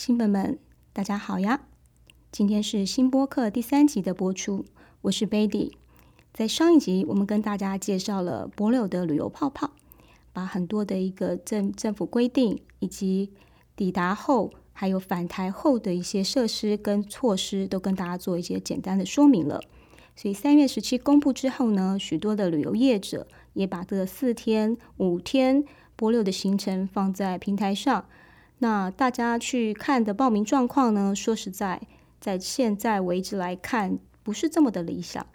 新朋友們，大家好呀！今天是新播客第三集的播出，我是 Baby。在上一集，我們跟大家介紹了帛琉的旅遊泡泡，把很多的一個政政府規定以及抵達後還有返台後的一些設施跟措施都跟大家做一些簡單的說明了。所以三月十七公布之後呢，許多的旅遊業者也把這四天五天帛琉的行程放在平台上。那大家去看的報名狀況呢，說實在，在現在為止來看，不是這麼的理想。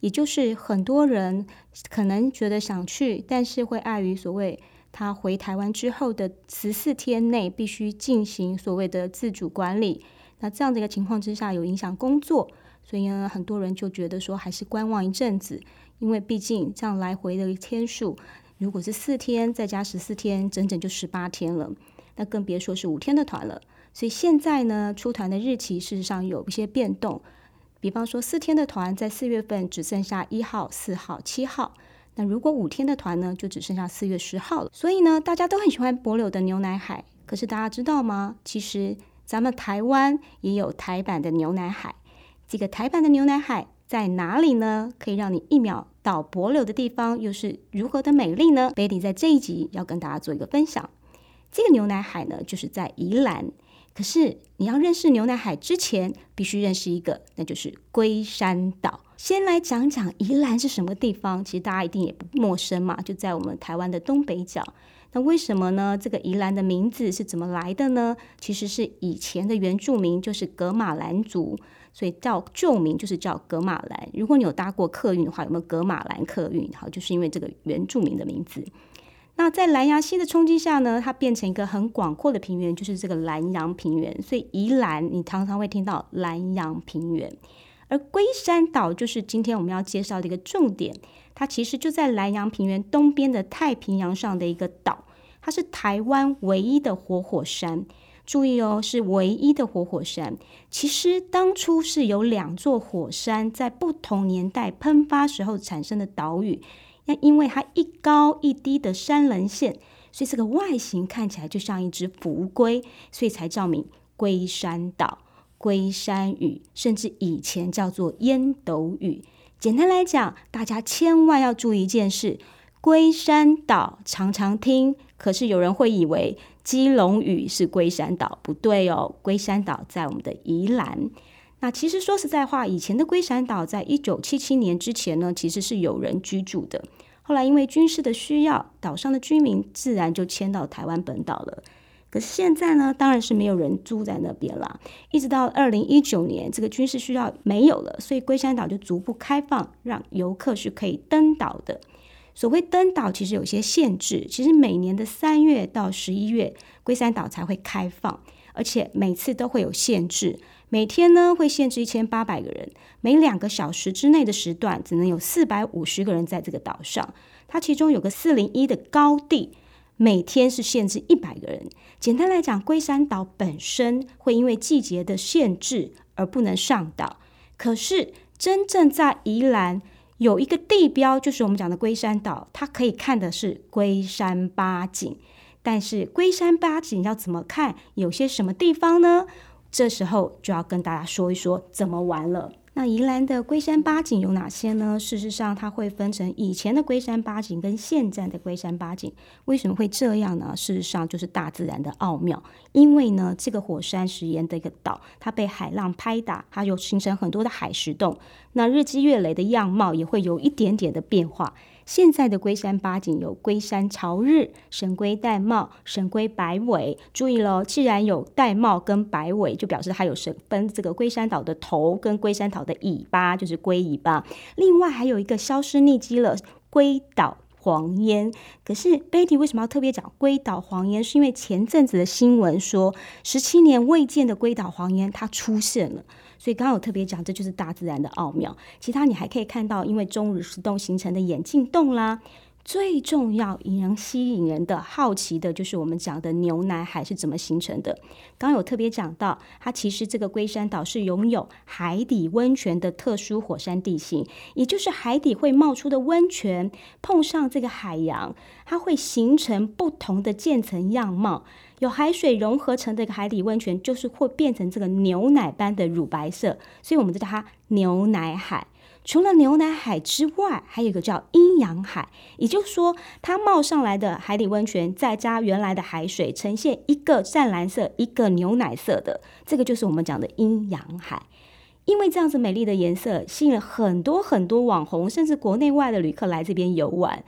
也就是很多人可能覺得想去，但是會礙於所謂他回台灣之後的十四天內必須進行所謂的自主管理。那這樣的一個情況之下，有影響工作，所以呢，很多人就覺得說還是觀望一陣子，因為畢竟這樣來回的天數，如果是四天再加十四天，整整就十八天了。那更別說是五天的團了。所以現在呢，出團的日期事實上有一些變動。比方說四天的團在四月份只剩下一號、四號、七號。那如果五天的團呢，就只剩下四月十號了。所以呢，大家都很喜歡帛琉的牛奶海。可是大家知道嗎？其實咱們台灣也有台版的牛奶海。這個台版的牛奶海在哪裡呢？可以讓你一秒到帛琉的地方又是如何的美麗呢？Baby 在這一集要跟大家做一個分享。這個牛奶海呢，就是在宜蘭。可是你要認識牛奶海之前，必須認識一個，那就是龜山島。先來講講宜蘭是什麼地方，其實大家一定也不陌生嘛，就在我們台灣的東北角。那為什麼呢？這個宜蘭的名字是怎麼來的呢？其實是以前的原住民就是噶瑪蘭族，所以叫舊名就是叫噶瑪蘭。如果你有搭過客運的話，有沒有葛瑪蘭客運？好，就是因為這個原住民的名字。那在蘭陽溪的衝擊下呢，它變成一個很廣闊的平原，就是這個蘭陽平原。所以宜蘭你常常會聽到蘭陽平原，而龜山島就是今天我們要介紹的一個重點。它其實就在蘭陽平原東邊的太平洋上的一個島，它是台灣唯一的活火、火山。注意哦，是唯一的活火、火山。其實當初是有兩座火山在不同年代噴發時候產生的島嶼。那因為它一高一低的山稜線，所以這個外形看起來就像一隻浮龜，所以才叫名龜山島、龜山嶼，甚至以前叫做菸斗嶼。簡單來講，大家千萬要注意一件事：龜山島常常聽，可是有人會以為基隆嶼是龜山島，不對哦，龜山島在我們的宜蘭。那其實說實在話，以前的龜山島在一九七七年之前呢，其實是有人居住的。後來因為軍事的需要，島上的居民自然就遷到台灣本島了。可是現在呢，當然是沒有人住在那邊啦。一直到二零一九年，這個軍事需要沒有了，所以龜山島就逐步開放，讓遊客是可以登島的。所謂登島，其實有些限制。其實每年的三月到十一月，龜山島才會開放。而且每次都會有限制，每天呢會限制一千八百個人，每兩個小時之內的時段只能有四百五十個人在這個島上。它其中有個四零一的高地，每天是限制一百個人。簡單來講，龜山島本身會因為季節的限制而不能上島，可是真正在宜蘭有一個地標，就是我們講的龜山島，它可以看的是龜山八景。但是龜山八景要怎麼看？有些什麼地方呢？這時候就要跟大家說一說怎麼玩了。那宜蘭的龜山八景有哪些呢？事實上，它會分成以前的龜山八景跟現在的龜山八景。為什麼會這樣呢？事實上，就是大自然的奧妙。因為呢，這個火山石岩的一個島，它被海浪拍打，它又形成很多的海蝕洞。那日積月累的樣貌也會有一點點的變化。現在的龜山八景有龜山朝日、神龜戴帽、神龜擺尾。注意嘍，既然有戴帽跟擺尾，就表示它有神本這個龜山島的頭跟龜山島的尾巴，就是龜尾巴。另外還有一個消失匿跡了龜島黃煙。可是 Betty 為什麼要特別講龜島黃煙？是因為前陣子的新聞說，十七年未見的龜島黃煙它出現了。所以，剛剛有特別講，這就是大自然的奧妙。其他你還可以看到，因為鐘乳石洞形成的眼鏡洞啦。最重要、引人吸引人的好奇的，就是我們講的牛奶海是怎麼形成的。剛有特別講到，它其實這個龜山島是擁有海底溫泉的特殊火山地形，也就是海底會冒出的溫泉碰上這個海洋，它會形成不同的漸層樣貌。有海水融合成的一個海底溫泉，就是會變成這個牛奶般的乳白色，所以我們就叫它牛奶海。除了牛奶海之外，還有一個叫陰陽海，也就是說，它冒上來的海底溫泉再加原來的海水，呈現一個湛藍色、一個牛奶色的，這個就是我們講的陰陽海。因為這樣子美麗的顏色，吸引了很多很多網紅，甚至國內外的旅客來這邊遊玩。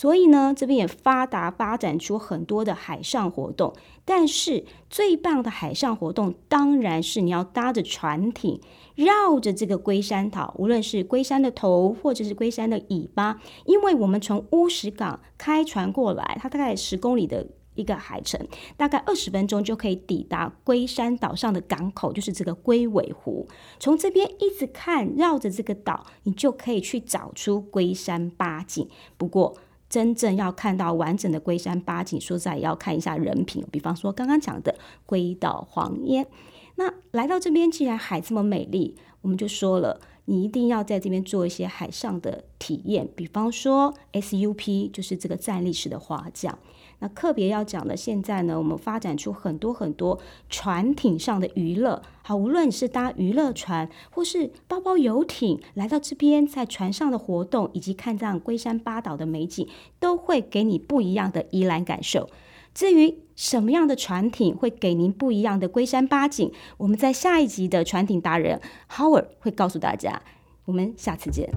所以呢，這邊也發達發展出很多的海上活動，但是最棒的海上活動當然是你要搭着船艇繞着這個龜山島，無論是龜山的頭或者是龜山的尾巴，因為我們從烏石港開船過來，它大概十公里的一個海程，大概二十分鐘就可以抵達龜山島上的港口，就是這個龜尾湖。從這邊一直看繞着這個島，你就可以去找出龜山八景。不過，真正要看到完整的龜山八景，說實在也要看一下人品。比方說剛剛講的龜島黃煙，那來到這邊既然海這麼美麗，我們就說了，你一定要在這邊做一些海上的體驗，比方說 SUP，就是這個站立式的划槳。那特別要講的，現在呢，我們發展出很多很多船艇上的娛樂，好，無論是搭娛樂船或是包包遊艇來到這邊，在船上的活動以及看這樣龜山八島的美景，都會給你不一樣的宜蘭感受。至於什麼樣的船艇會給您不一樣的龜山八景，我們在下一集的船艇達人 Howard 會告訴大家。我們下次見。